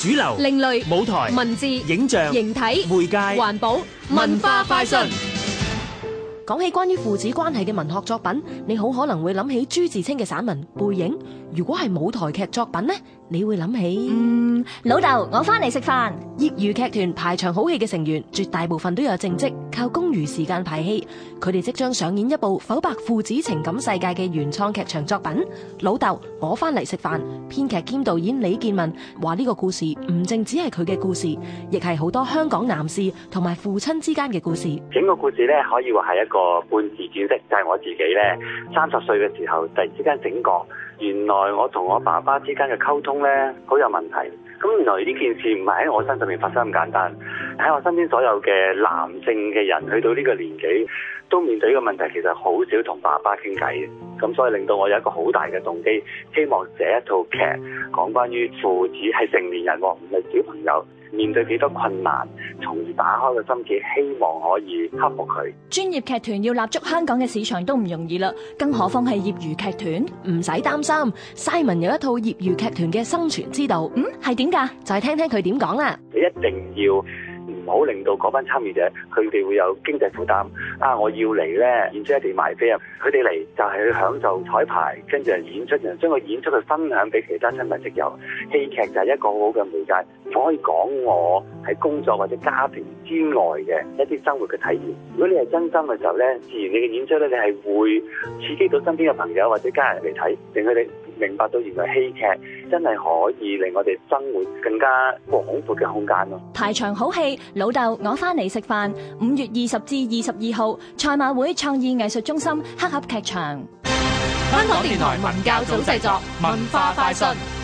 主流、另類、舞台、文字、影像、形體、媒介、環保，文化快訊文化快訊老豆，我翻嚟食飯。業餘劇團排場好戲嘅成員，絕大部分都有正職，靠公餘時間排戲。佢哋即將上演一部《剖白父子情感世界》嘅原創劇場作品。老豆，我翻嚟食飯。編劇兼導演李建文話：呢個故事唔淨只係佢嘅故事，亦係好多香港男士同埋父親之間嘅故事。整個故事咧，可以話係一個半自傳式。就係、是、我自己咧，三十歲嘅時候，突然之間醒覺，原來我同我爸爸之間嘅溝通咧，好有問題。咁原來呢件事唔係喺我身上面發生咁簡單，喺我身邊所有嘅男性嘅人去到呢個年紀，都面對呢個問題，其實好少同爸爸傾偈，咁所以令到我有一個好大嘅動機，希望這一套劇講關於父子係成年人喎，唔係小朋友，面對幾多困難。從而打開個心結，希望可以克服佢。專業劇團要立足香港嘅市場都唔容易啦，更何況係業餘劇團？唔使擔心，Simon 有一套業餘劇團嘅生存之道。嗯，係點噶？就係聽聽佢點講啦。你一定要唔好令到嗰班參與者，佢哋會有經濟負擔。啊，我要嚟咧，然之後一定賣飛啊！佢哋嚟就係去享受彩排，跟住演出人，人將個演出去分享俾其他親朋戚友。戲劇就係一個好好嘅媒介，我可以講我。喺工作或者家庭之外嘅一啲生活嘅體驗。如果你係真心嘅時候咧，自然你嘅演出咧，你係會刺激到身邊嘅朋友或者家人嚟睇，令佢哋明白到原來戲劇真係可以令我哋生活更加廣闊嘅空間咯。排場好戲，老豆，我翻嚟食飯。五月二十至二十二號，賽馬會創意藝術中心黑盒劇場。香港電台文教組製作，文化快訊。